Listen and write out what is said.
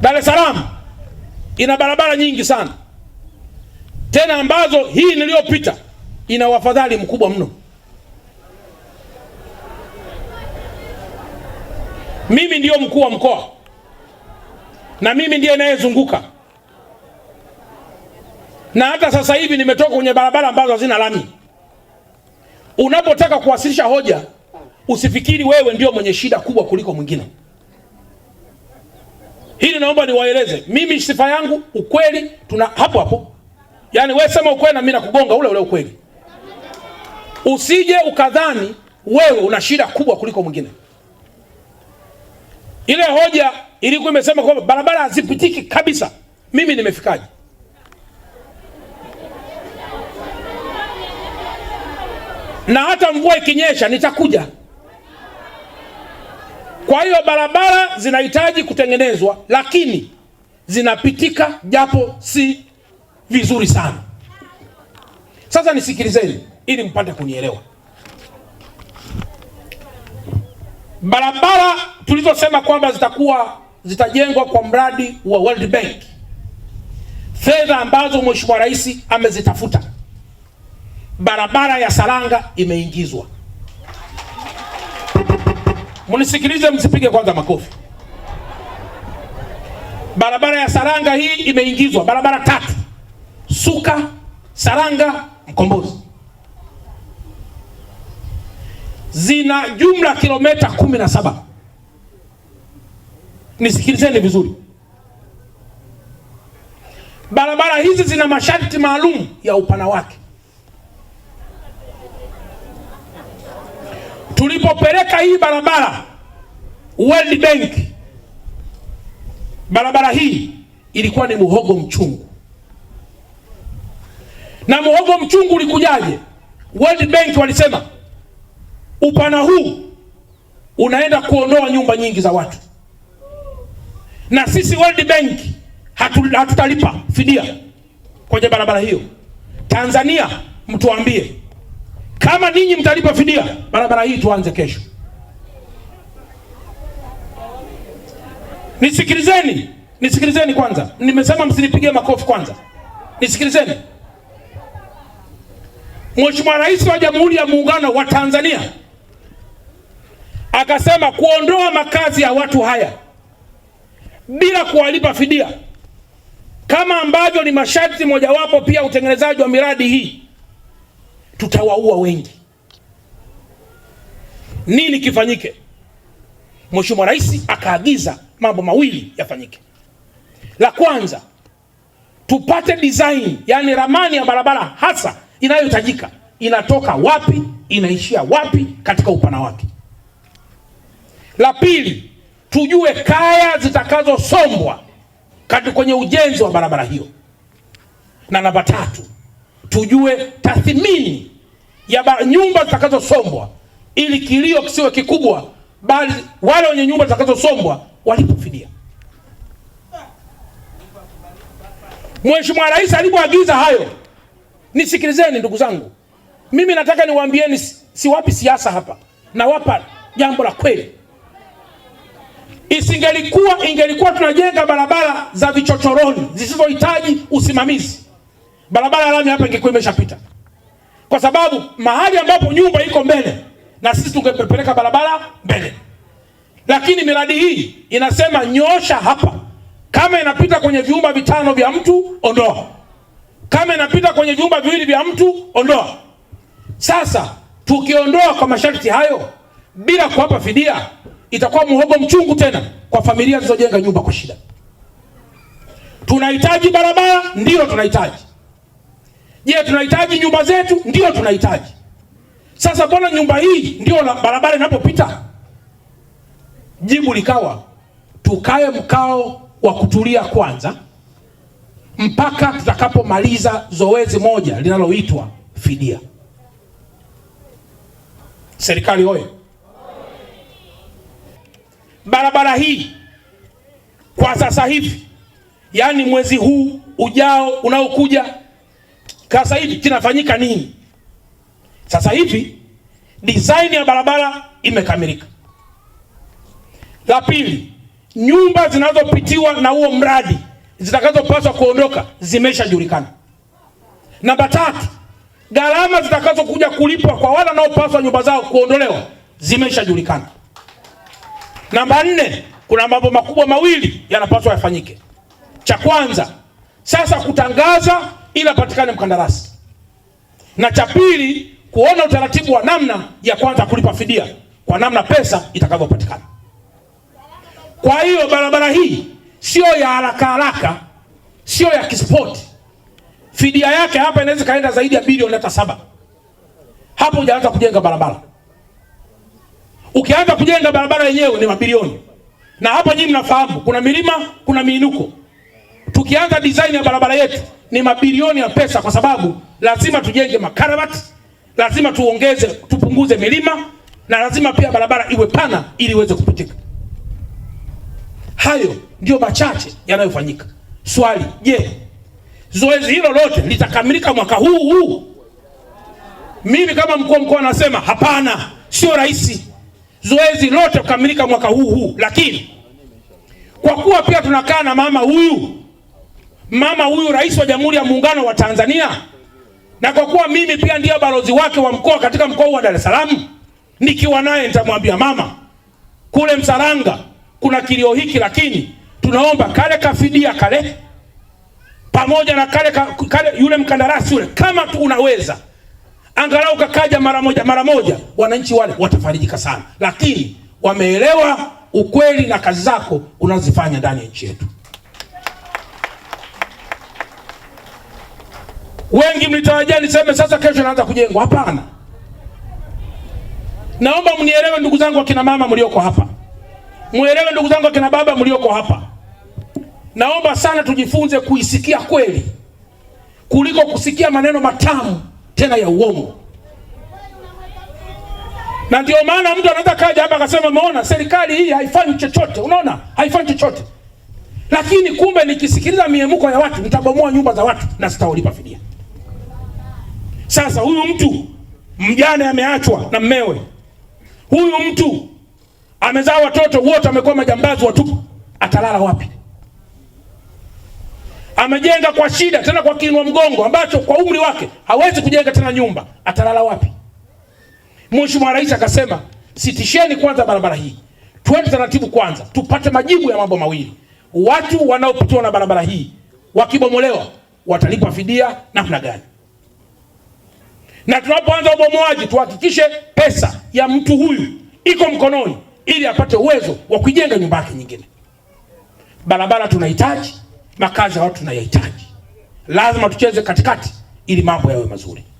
Dar es Salaam ina barabara nyingi sana tena ambazo hii niliyopita ina wafadhali mkubwa mno. Mimi ndiyo mkuu wa mkoa na mimi ndiye anayezunguka, na hata sasa hivi nimetoka kwenye barabara ambazo hazina lami. Unapotaka kuwasilisha hoja, usifikiri wewe ndio mwenye shida kubwa kuliko mwingine. Hili naomba niwaeleze, mimi sifa yangu ukweli, tuna hapo hapo. Yaani wewe sema ukweli na mimi nakugonga ule ule ukweli. Usije ukadhani wewe una shida kubwa kuliko mwingine. Ile hoja ilikuwa imesema kwamba barabara hazipitiki kabisa, mimi nimefikaje? Na hata mvua ikinyesha nitakuja. Kwa hiyo barabara zinahitaji kutengenezwa, lakini zinapitika japo si vizuri sana. Sasa nisikilizeni ili mpate kunielewa. Barabara tulizosema kwamba zitakuwa zitajengwa kwa mradi wa World Bank, fedha ambazo Mheshimiwa Rais amezitafuta, barabara ya Saranga imeingizwa mnisikilize, msipige kwanza makofi. Barabara ya Saranga hii imeingizwa barabara tatu, Suka, Saranga, Mkombozi, zina jumla kilometa kumi na saba. Nisikilizeni vizuri, barabara hizi zina masharti maalum ya upana wake. tulipopeleka hii barabara World Bank, barabara hii ilikuwa ni muhogo mchungu. Na muhogo mchungu ulikujaje? World Bank walisema upana huu unaenda kuondoa nyumba nyingi za watu, na sisi World Bank hatutalipa fidia kwenye barabara hiyo. Tanzania, mtuambie kama ninyi mtalipa fidia, barabara hii tuanze kesho. Nisikilizeni, nisikilizeni kwanza. Nimesema msinipige makofi kwanza, nisikilizeni. Mheshimiwa Rais wa Jamhuri ya Muungano wa Tanzania akasema kuondoa makazi ya watu haya bila kuwalipa fidia, kama ambavyo ni masharti mojawapo pia utengenezaji wa miradi hii tutawaua wengi. Nini kifanyike? Mheshimiwa Rais akaagiza mambo mawili yafanyike. La kwanza, tupate design, yani ramani ya barabara hasa inayohitajika, inatoka wapi, inaishia wapi, katika upana wake. La pili, tujue kaya zitakazosombwa kati kwenye ujenzi wa barabara hiyo, na namba tatu tujue tathmini ya nyumba zitakazosombwa ili kilio kisiwe kikubwa, bali wale wenye nyumba zitakazosombwa walipofidia. Mheshimiwa Rais alipoagiza hayo, nisikilizeni ndugu zangu, mimi nataka niwaambieni, siwapi siasa hapa, nawapa jambo la kweli. Isingelikuwa ingelikuwa tunajenga barabara za vichochoroni zisizohitaji usimamizi Barabara ya lami hapa ingekuwa imeshapita, kwa sababu mahali ambapo nyumba iko mbele, na sisi tungepeleka barabara mbele. Lakini miradi hii inasema nyosha hapa, kama inapita kwenye vyumba vitano vya mtu ondoa, kama inapita kwenye vyumba viwili vya mtu ondoa. Sasa tukiondoa kwa masharti hayo bila kuwapa fidia, itakuwa muhogo mchungu tena kwa familia zilizojenga nyumba kwa shida. Tunahitaji barabara, ndio tunahitaji Je, tunahitaji nyumba zetu? Ndio tunahitaji. Sasa mbona nyumba hii ndio barabara inapopita? Jibu likawa tukae mkao wa kutulia kwanza mpaka tutakapomaliza zoezi moja linaloitwa fidia. Serikali oye! Barabara hii kwa sasa hivi, yaani mwezi huu ujao unaokuja sasa hivi kinafanyika nini? Sasa hivi design ya barabara imekamilika. La pili, nyumba zinazopitiwa na huo mradi zitakazopaswa kuondoka zimeshajulikana. Namba tatu, gharama zitakazokuja kulipwa kwa wale wanaopaswa nyumba zao kuondolewa zimeshajulikana. Namba nne, kuna mambo makubwa mawili yanapaswa yafanyike. Cha kwanza, sasa kutangaza ili apatikane mkandarasi, na cha pili kuona utaratibu wa namna ya kwanza kulipa fidia kwa namna pesa itakavyopatikana. Kwa hiyo barabara hii sio ya haraka haraka, sio ya kispoti. Fidia yake hapa inaweza ikaenda zaidi ya bilioni hata saba hapo hujaanza kujenga barabara. Ukianza kujenga barabara yenyewe ni mabilioni, na hapa nyinyi mnafahamu kuna milima, kuna miinuko tukianza design ya barabara yetu ni mabilioni ya pesa, kwa sababu lazima tujenge makarabati, lazima tuongeze, tupunguze milima na lazima pia barabara iwe pana ili iweze kupitika. Hayo ndiyo machache yanayofanyika. Swali, je, zoezi hilo lote litakamilika mwaka huu huu? Mimi kama mkuu wa mkoa nasema hapana, sio rahisi zoezi lote kukamilika mwaka huu huu, lakini kwa kuwa pia tunakaa na mama huyu mama huyu rais wa Jamhuri ya Muungano wa Tanzania, na kwa kuwa mimi pia ndiyo balozi wake wa mkoa katika mkoa wa Dar es Salaam, nikiwa naye nitamwambia mama, kule Msaranga kuna kilio hiki, lakini tunaomba kale kafidia kale pamoja na kale, kale yule mkandarasi yule, kama tu unaweza angalau kakaja mara moja mara moja, wananchi wale watafarijika sana, lakini wameelewa ukweli na kazi zako unazifanya ndani ya nchi yetu. Wengi mlitarajia niseme sasa kesho naanza kujengwa. Hapana, naomba mnielewe ndugu zangu akina mama mlioko hapa, mwelewe ndugu zangu akina baba mlioko hapa. Naomba sana tujifunze kuisikia kweli kuliko kusikia maneno matamu tena ya uongo. Na ndio maana mtu anaweza kaja hapa akasema, umeona serikali hii haifanyi chochote, unaona haifanyi chochote, lakini kumbe nikisikiliza miemuko ya watu nitabomoa nyumba za watu na sitawalipa fidia. Sasa huyu mtu mjane ameachwa na mmewe, huyu mtu amezaa watoto wote amekuwa majambazi watupu, atalala wapi? Amejenga kwa shida, tena kwa kinwa mgongo ambacho kwa umri wake hawezi kujenga tena nyumba, atalala wapi? Mheshimiwa Rais akasema sitisheni kwanza barabara hii, twende taratibu kwanza, tupate majibu ya mambo mawili. Watu wanaopitiwa na barabara hii wakibomolewa watalipa fidia namna gani? na tunapoanza ubomoaji tuhakikishe pesa ya mtu huyu iko mkononi, ili apate uwezo wa kuijenga nyumba yake nyingine. Barabara tunahitaji, makazi ya watu tunayahitaji, lazima tucheze katikati ili mambo yawe mazuri.